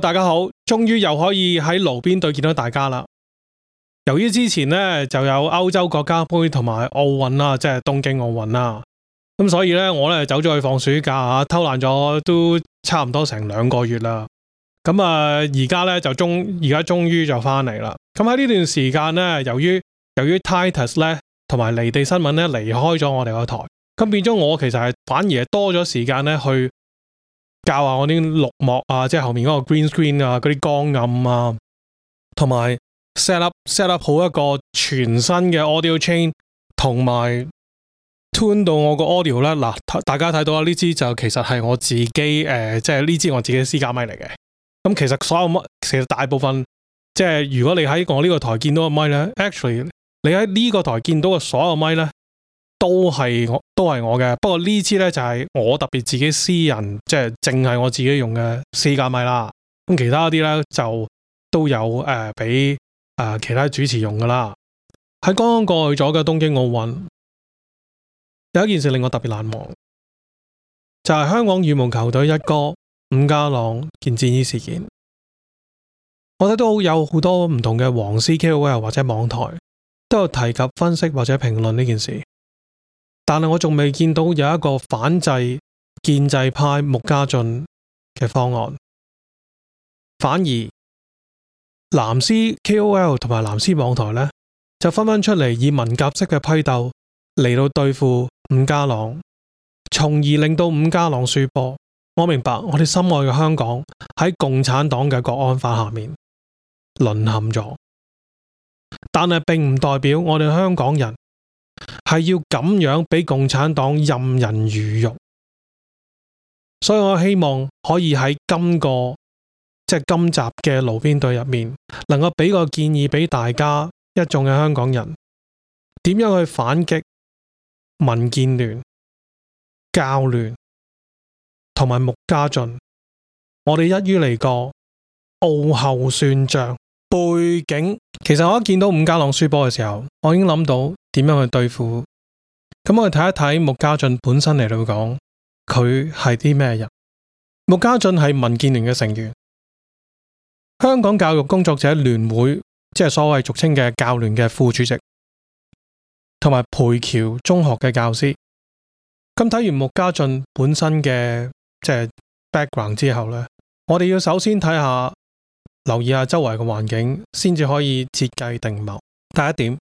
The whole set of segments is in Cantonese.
大家好！終於又可以喺爐邊對見到大家啦。由於之前呢，就有歐洲國家杯同埋奧運啦、啊，即係東京奧運啦、啊，咁所以呢，我呢走咗去放暑假吓，偷懶咗都差唔多成兩個月啦。咁啊，而家呢，就終而家終於就返嚟啦。咁喺呢段時間呢，由於由於 Titus 呢同埋離地新聞呢離開咗我哋個台，咁變咗我其實係反而係多咗時間呢去。教下我啲綠幕啊，即係後面嗰個 green screen 啊，嗰啲光暗啊，同埋 set up set up 好一個全新嘅 audio chain，同埋 tune 到我個 audio 咧。嗱，大家睇到啊，呢支就其實係我自己誒、呃，即係呢支我自己嘅私家咪嚟嘅。咁、嗯、其實所有咪，其實大部分即係如果你喺我呢個台見到個咪咧，actually 你喺呢個台見到嘅所有咪咧，都係我。都係我嘅，不過呢支呢，就係我特別自己私人，即係淨係我自己用嘅私家咪啦。咁其他啲呢，就都有誒俾誒其他主持用噶啦。喺剛剛過去咗嘅東京奧運，有一件事令我特別難忘，就係香港羽毛球隊一哥伍家朗件戰衣事件。我睇都有好多唔同嘅黃絲 KOL 或者網台都有提及分析或者評論呢件事。但係我仲未見到有一個反制建制派穆家駿嘅方案，反而藍絲 KOL 同埋藍絲網台呢，就紛紛出嚟，以文革式嘅批鬥嚟到對付伍家朗，從而令到伍家朗輸波。我明白我哋心愛嘅香港喺共產黨嘅國安法下面淪陷咗，但係並唔代表我哋香港人，係要咁樣俾共產黨任人魚肉，所以我希望可以喺今、這個即係、就是、今集嘅爐邊對入面，能夠俾個建議俾大家一眾嘅香港人，點樣去反擊民建聯、教聯同埋穆家駿。我哋一於嚟個奧後算帳背景，其實我一見到伍家朗輸波嘅時候，我已經諗到，點樣去對付？咁我哋睇一睇穆家駿本身嚟到講，佢係啲咩人？穆家駿係民建聯嘅成員，香港教育工作者聯會，即係所謂俗稱嘅教聯嘅副主席，同埋培僑中學嘅教師。咁睇完穆家駿本身嘅即係 background 之後咧，我哋要首先睇下，留意下周圍嘅環境，先至可以設計定謀。第一點，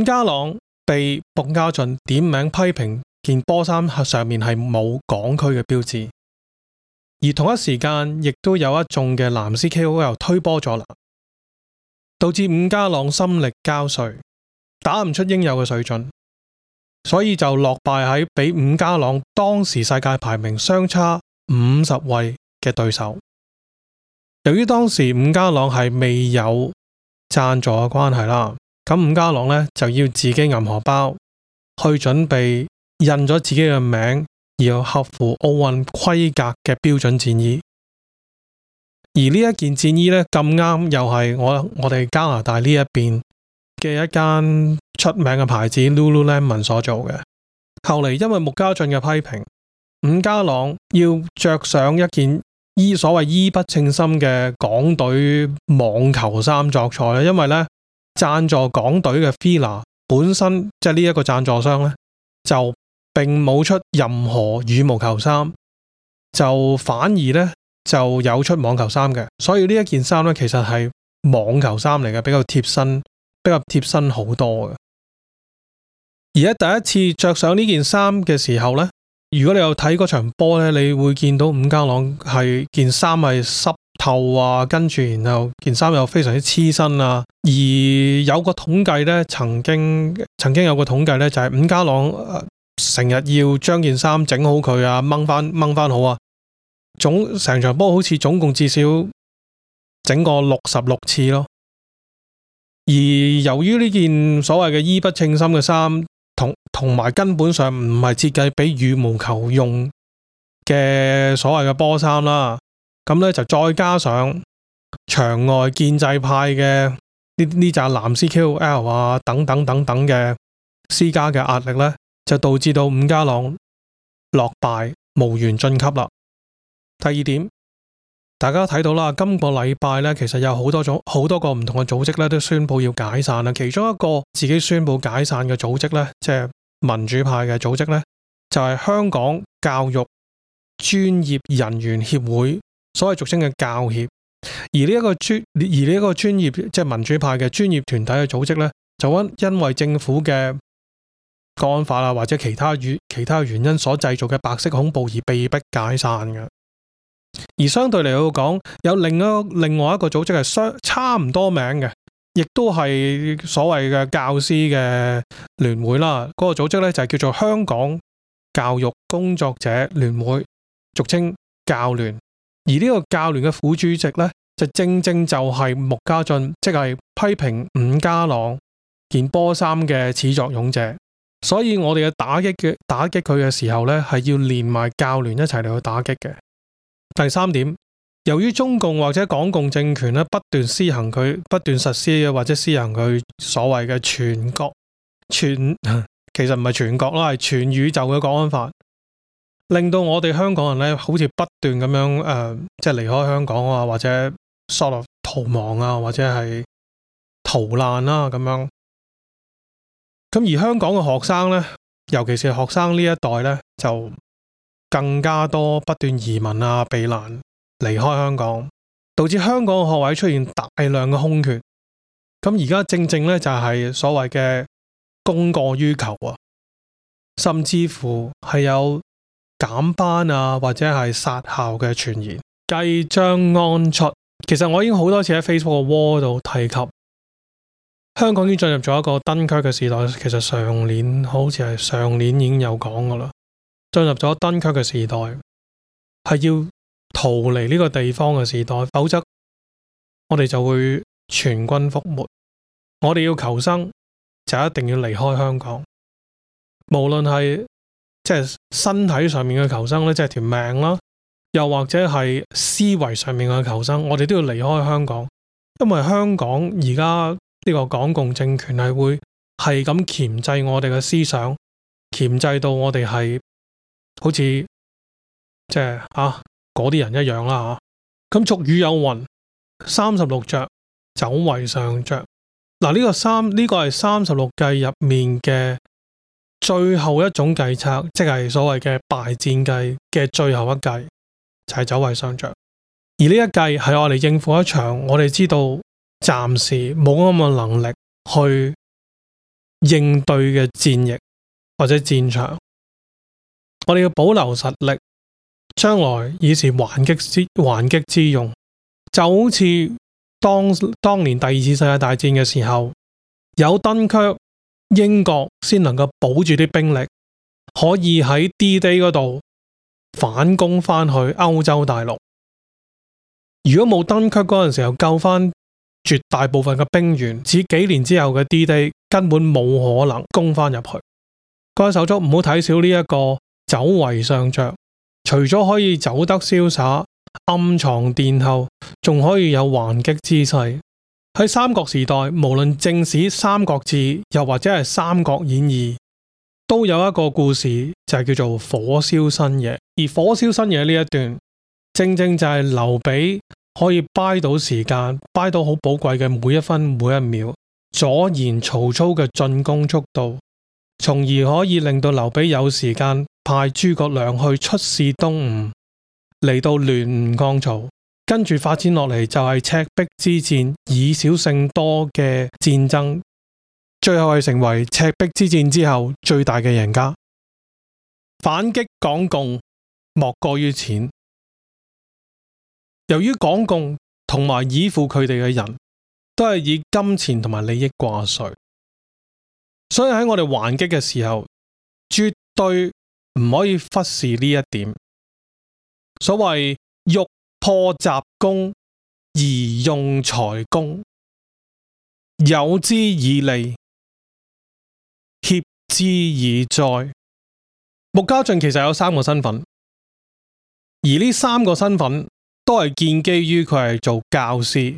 伍家朗。被穆家駿點名批評，件波衫係上面係冇港區嘅標誌，而同一時間亦都有一眾嘅藍絲 KOL 推波咗啦，導致伍家朗心力交瘁，打唔出應有嘅水準，所以就落敗喺比伍家朗當時世界排名相差五十位嘅對手。由於當時伍家朗係未有贊助嘅關係啦。咁伍家朗咧就要自己銀荷包去準備印咗自己嘅名然後合乎奧運規格嘅標準戰衣，而呢一件戰衣咧咁啱又係我我哋加拿大呢一邊嘅一間出名嘅牌子 Lululemon 所做嘅。後嚟因為穆家駿嘅批評，伍家朗要着上一件衣所謂衣不稱心嘅港隊網球衫作賽，因為咧。贊助港隊嘅 FILA 本身即係呢一個贊助商呢，就並冇出任何羽毛球衫，就反而呢就有出網球衫嘅。所以呢一件衫呢，其實係網球衫嚟嘅，比較貼身，比較貼身好多嘅。而喺第一次着上呢件衫嘅時候呢，如果你有睇嗰場波呢，你會見到伍家朗係件衫係濕頭啊，跟住，然後件衫又非常之黐身啊。而有個統計呢，曾經曾經有個統計呢，就係、是、伍家朗、呃，成日要將件衫整好佢啊，掹翻、掹翻好啊。總成場波好似總共至少整個六十六次咯。而由於呢件所謂嘅衣不稱身嘅衫，同同埋根本上唔係設計俾羽毛球用嘅所謂嘅波衫啦。咁咧就再加上場外建制派嘅呢呢紮藍絲 KOL 啊等等等等嘅施加嘅壓力咧，就導致到伍家朗落敗無緣晉級啦。第二點，大家睇到啦，今個禮拜咧，其實有好多種、好多個唔同嘅組織咧，都宣布要解散啦。其中一個自己宣布解散嘅組織咧，即係民主派嘅組織咧，就係、是、香港教育專業人員協會。所謂俗稱嘅教協，而呢、這、一個專而呢一個專業即係民主派嘅專業團體嘅組織呢，就因因為政府嘅國安法啊或者其他與其他原因所製造嘅白色恐怖而被迫解散嘅。而相對嚟來講，有另一另外一個組織係相差唔多名嘅，亦都係所謂嘅教師嘅聯會啦。嗰、那個組織呢，就是、叫做香港教育工作者聯會，俗稱教聯。而呢個教聯嘅副主席呢，就正正就係穆家駿，即係批評伍家朗件波衫嘅始作俑者。所以我哋嘅打擊嘅打擊佢嘅時候呢，係要連埋教聯一齊嚟去打擊嘅。第三點，由於中共或者港共政權呢，不斷施行佢，不斷實施嘅或者施行佢所謂嘅全國全，其實唔係全國啦，係全宇宙嘅國安法。令到我哋香港人咧，好似不斷咁樣誒，即係離開香港啊，或者疏落逃亡啊，或者係逃難啦咁樣。咁而香港嘅學生咧，尤其是學生呢一代咧，就更加多不斷移民啊、避難、離開香港，導致香港嘅學位出現大量嘅空缺。咁而家正正咧就係所謂嘅供過於求啊，甚至乎係有。減班啊，或者係殺校嘅傳言，計將安出。其實我已經好多次喺 Facebook 嘅 wall 度提及，香港已經進入咗一個 Dunkirk 嘅時代。其實上年好似係上年已經有講噶啦，進入咗 Dunkirk 嘅時代，係要逃離呢個地方嘅時代，否則我哋就會全軍覆沒。我哋要求生就一定要離開香港，無論係即係。就是身體上面嘅求生咧，即係條命啦；又或者係思維上面嘅求生，我哋都要離開香港，因為香港而家呢個港共政權係會係咁鉗制我哋嘅思想，鉗制到我哋係好似即係啊嗰啲人一樣啦吓。咁俗語有云：三十六着，走為上着。嗱，呢個三呢個係三十六計入面嘅。最後一種計策，即係所謂嘅敗戰計嘅最後一計，就係、是、走為上着。而呢一計係我哋應付一場我哋知道暫時冇咁嘅能力去應對嘅戰役或者戰場，我哋要保留實力，將來以是還擊之還擊之用。就好似當當年第二次世界大戰嘅時候，有敦促。英國先能夠保住啲兵力，可以喺 D-Day 嗰度反攻翻去歐洲大陸。如果冇敦刻嗰陣時候救翻絕大部分嘅兵員，只幾年之後嘅 D-Day 根本冇可能攻翻入去。各位手足唔好睇少呢一個走為上着，除咗可以走得瀟灑、暗藏殿後，仲可以有還擊姿勢。喺三國時代，無論正史《三國志》，又或者係《三國演義》，都有一個故事就係、是、叫做火燒新野。而火燒新野呢一段，正正就係劉備可以掰到時間，掰到好寶貴嘅每一分每一秒，阻延曹操嘅進攻速度，從而可以令到劉備有時間派諸葛亮去出使東吳，嚟到聯吳抗曹。跟住發展落嚟，就係赤壁之戰，以少勝多嘅戰爭，最後係成為赤壁之戰之後最大嘅贏家。反擊港共，莫過於錢。由於港共同埋依附佢哋嘅人都係以金錢同埋利益掛帥，所以喺我哋還擊嘅時候，絕對唔可以忽視呢一點。所謂欲。破雜功而用才功，有之以利，協之以災。穆家駿其實有三個身份，而呢三個身份都係建基於佢係做教師。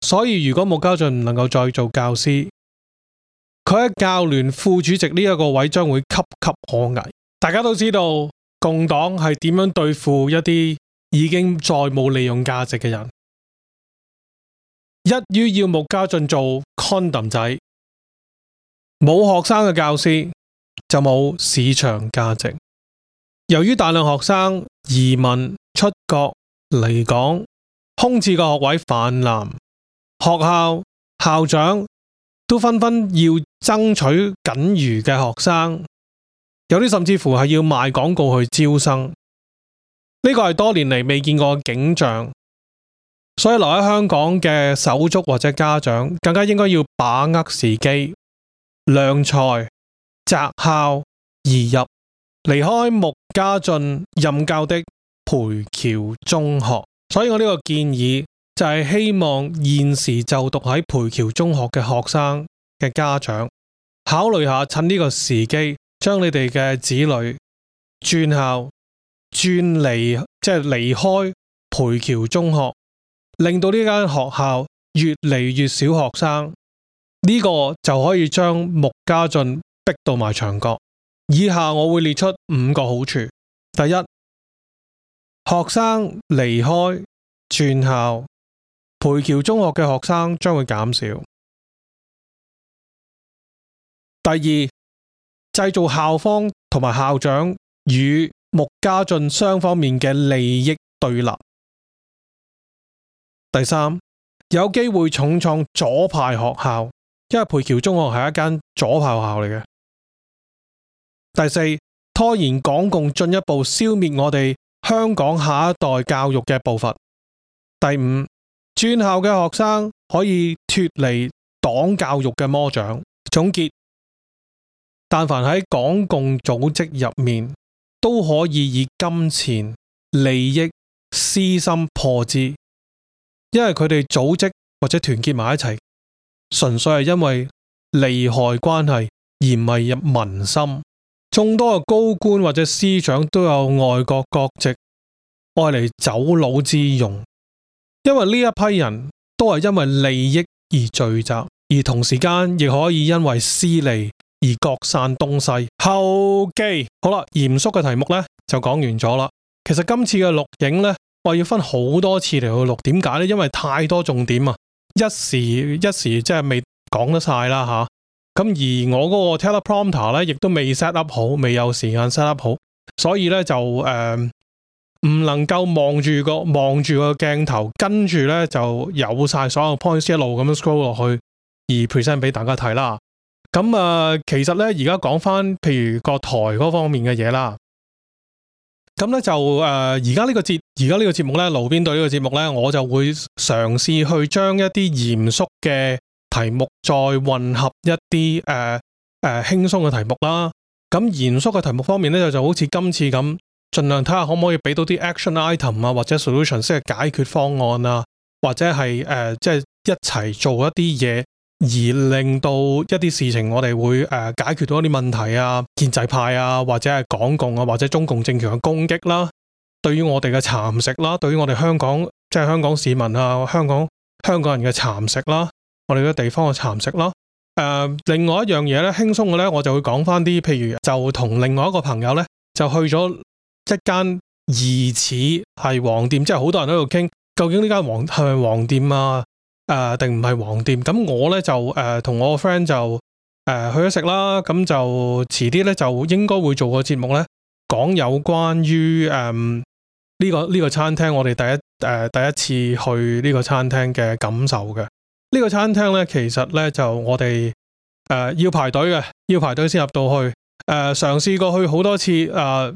所以如果穆家駿唔能夠再做教師，佢喺教聯副主席呢一個位將會岌岌可危。大家都知道，共黨係點樣對付一啲？已經再冇利用價值嘅人，一於要穆家駿做 condom 仔，冇學生嘅教師就冇市場價值。由於大量學生移民出國離港，空置嘅學位氾濫，學校校長都紛紛要爭取僅餘嘅學生，有啲甚至乎係要賣廣告去招生。呢個係多年嚟未見過嘅景象，所以留喺香港嘅手足或者家長更加應該要把握時機，量才擇校而入，離開穆家駿任教的培僑中學。所以我呢個建議就係希望現時就讀喺培僑中學嘅學生嘅家長，考慮下趁呢個時機，將你哋嘅子女轉校。轉離即係離開培僑中學，令到呢間學校越嚟越少學生，呢個就可以將穆家駿逼到埋牆角。以下我會列出五個好處：第一，學生離開轉校，培僑中學嘅學生將會減少；第二，製造校方同埋校長與。穆家駿雙方面嘅利益對立。第三，有機會重創左派學校，因為培僑中學係一間左派學校嚟嘅。第四，拖延港共進一步消滅我哋香港下一代教育嘅步伐。第五，專校嘅學生可以脫離黨教育嘅魔掌。總結，但凡喺港共組織入面，都可以以金錢、利益、私心破之，因為佢哋組織或者團結埋一齊，純粹係因為利害關係而唔係入民心。眾多嘅高官或者司長都有外國國籍，愛嚟走佬之用。因為呢一批人都係因為利益而聚集，而同時間亦可以因為私利。而各散東西。後、okay。記好啦，嚴肅嘅題目咧就講完咗啦。其實今次嘅錄影咧，我要分好多次嚟去錄。點解咧？因為太多重點啊，一時一時即係未講得晒啦吓。咁、啊、而我嗰個 Teleprompter 咧，亦都未 set up 好，未有時間 set up 好，所以咧就誒唔、呃、能夠望住個望住個鏡頭，跟住咧就有晒所有 points 一路咁樣 scroll 落去而 present 俾大家睇啦。咁啊、呃，其實咧，而家講翻，譬如個台嗰方面嘅嘢啦，咁咧就誒，而家呢個節，而家呢個節目咧，爐邊對呢個節目咧，我就會嘗試去將一啲嚴肅嘅題目再混合一啲誒誒輕鬆嘅題目啦。咁嚴肅嘅題目方面咧，就就好似今次咁，盡量睇下可唔可以俾到啲 action item 啊，或者 solution 式嘅解決方案啊，或者係誒即係一齊做一啲嘢。而令到一啲事情我，我哋會誒解決到一啲問題啊，建制派啊，或者係港共啊，或者中共政權嘅攻擊啦。對於我哋嘅蠶食啦，對於我哋香港即係、就是、香港市民啊，香港香港人嘅蠶食啦，我哋嘅地方嘅蠶食啦。誒、呃，另外一樣嘢咧，輕鬆嘅咧，我就會講翻啲，譬如就同另外一個朋友咧，就去咗一間疑似係黃店，即係好多人都喺度傾，究竟呢間黃，係黃店啊？誒、呃，定唔係黃店？咁我呢就誒、同、呃、我個 friend 就誒、呃、去咗食啦。咁就遲啲呢，就應該會做個節目呢，講有關於誒呢個呢、這個餐廳。我哋第一誒、呃、第一次去呢個餐廳嘅感受嘅。呢、這個餐廳呢，其實呢，就我哋誒要排隊嘅，要排隊先入到去。誒嘗試過去好多次。誒、呃，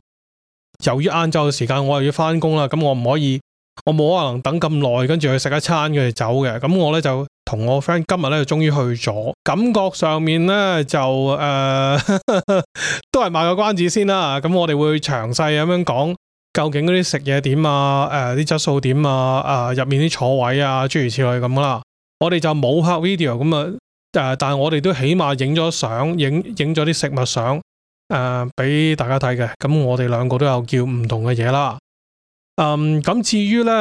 由於晏晝嘅時間，我又要翻工啦，咁我唔可以。我冇可能等咁耐，跟住去食一餐佢哋走嘅。咁我咧就同我 friend 今日咧就終於去咗，感覺上面咧就誒，呃、 都係賣個關子先啦。咁我哋會詳細咁樣講究竟嗰啲食嘢點啊，誒啲質素點啊，啊、呃、入面啲坐位啊，諸如此類咁啦。我哋就冇拍 video 咁啊，誒、呃，但係我哋都起碼影咗相，影影咗啲食物相誒俾、呃、大家睇嘅。咁我哋兩個都有叫唔同嘅嘢啦。嗯，咁、um, 至於咧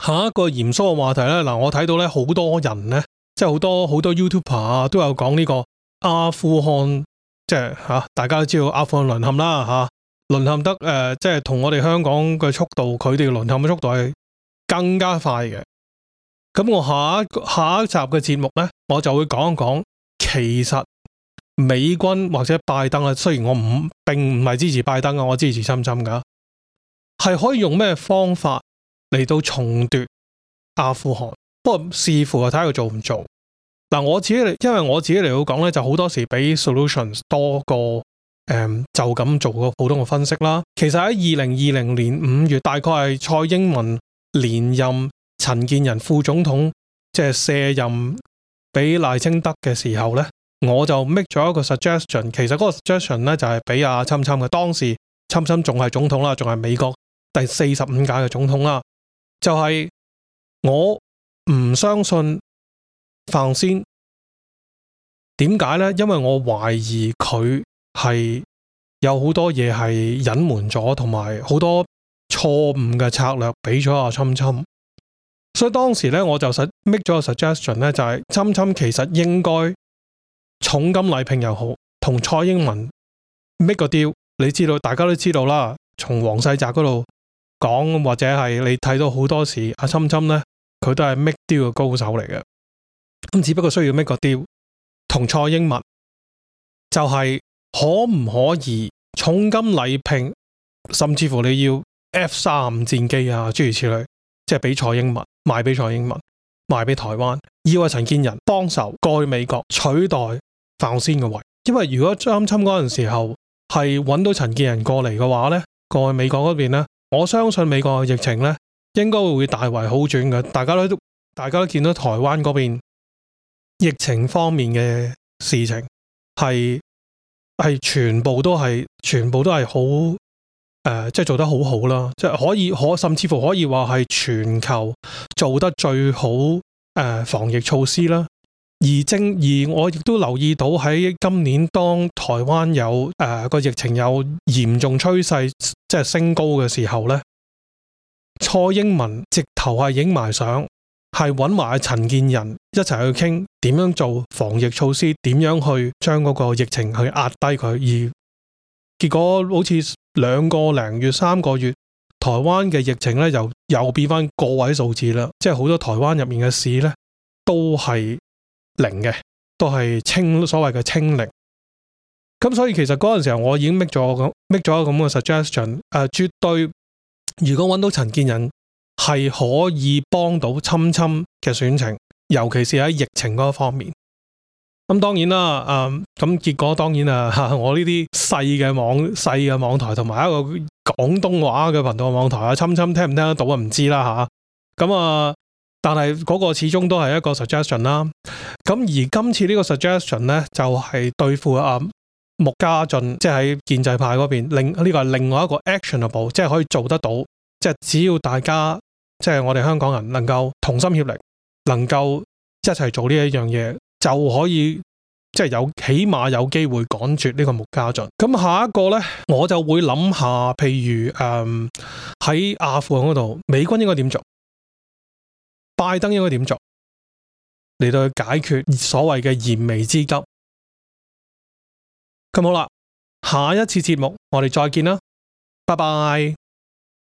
下一個嚴肅嘅話題咧，嗱，我睇到咧好多人咧，即係好多好多 YouTuber 啊，都有講呢個阿富汗，即係吓、啊，大家都知道阿富汗淪陷啦吓，淪、啊、陷得誒、呃，即係同我哋香港嘅速度，佢哋嘅淪陷嘅速度係更加快嘅。咁我下下一集嘅節目咧，我就會講一講，其實美軍或者拜登啊，雖然我唔並唔係支持拜登啊，我支持侵侵噶。係可以用咩方法嚟到重奪阿富汗？不過視乎係睇佢做唔做。嗱、啊，我自己嚟，因為我自己嚟到講咧，就好多時俾 solutions 多過誒、嗯，就咁做個普通嘅分析啦。其實喺二零二零年五月，大概係蔡英文連任陳建仁副總統，即係卸任俾賴清德嘅時候咧，我就 make 咗一個 suggestion。其實嗰個 suggestion 咧就係俾阿侵侵嘅，當時侵侵仲係總統啦，仲係美國。第四十五屆嘅總統啦、啊，就係、是、我唔相信范仙，點解咧？因為我懷疑佢係有好多嘢係隱瞞咗，同埋好多錯誤嘅策略俾咗阿侵侵。所以當時咧，我就實 make 咗個 suggestion 咧，就係侵侵其實應該重金禮聘又好，同蔡英文 make 個 deal 你知道，大家都知道啦，從黃世澤嗰度。講或者係你睇到好多時，阿琛琛呢，佢都係 make deal 嘅高手嚟嘅。咁只不過需要 make 個 deal，同蔡英文就係可唔可以重金禮聘，甚至乎你要 F 三五戰機啊，諸如此類，即係俾蔡英文賣俾蔡英文，賣俾台灣，要阿陳建仁幫手過去美國取代范先仙嘅位。因為如果琛琛嗰陣時候係揾到陳建仁過嚟嘅話呢，過去美國嗰邊呢。我相信美國嘅疫情咧，應該會大為好轉嘅。大家都大家都見到台灣嗰邊疫情方面嘅事情，係係全部都係全部都係好誒，呃、即係做得好好啦，即係可以可，甚至乎可以話係全球做得最好誒、呃、防疫措施啦。而正而我亦都留意到喺今年當台灣有誒個、呃、疫情有嚴重趨勢，即係升高嘅時候呢，蔡英文直頭係影埋相，係搵埋陳建仁一齊去傾點樣做防疫措施，點樣去將嗰個疫情去壓低佢。而結果好似兩個零月、三個月，台灣嘅疫情呢又又變翻個位數字啦，即係好多台灣入面嘅市呢都係。零嘅都係清所謂嘅清零，咁所以其實嗰陣時候我已經 make 咗咁 make 咗一個咁嘅 suggestion，誒、啊、絕對如果揾到陳建仁係可以幫到侵侵嘅選情，尤其是喺疫情嗰一方面。咁當然啦，誒、啊、咁結果當然啊，我呢啲細嘅網細嘅網台同埋一個廣東話嘅頻道網台啊，侵侵聽唔聽得到啊？唔知啦吓。咁啊。但係嗰個始終都係一個 suggestion 啦，咁而今次呢個 suggestion 呢，就係、是、對付阿、啊、穆家駿，即、就、係、是、喺建制派嗰邊另呢、這個係另外一個 actionable 即係可以做得到，即、就、係、是、只要大家即係、就是、我哋香港人能夠同心協力，能夠一齊做呢一樣嘢，就可以即係、就是、有起碼有機會趕絕呢個穆家駿。咁下一個呢，我就會諗下，譬如誒喺、嗯、阿富汗嗰度，美軍應該點做？拜登應該點做嚟到解決所謂嘅燃眉之急？咁好啦，下一次節目我哋再見啦，拜拜。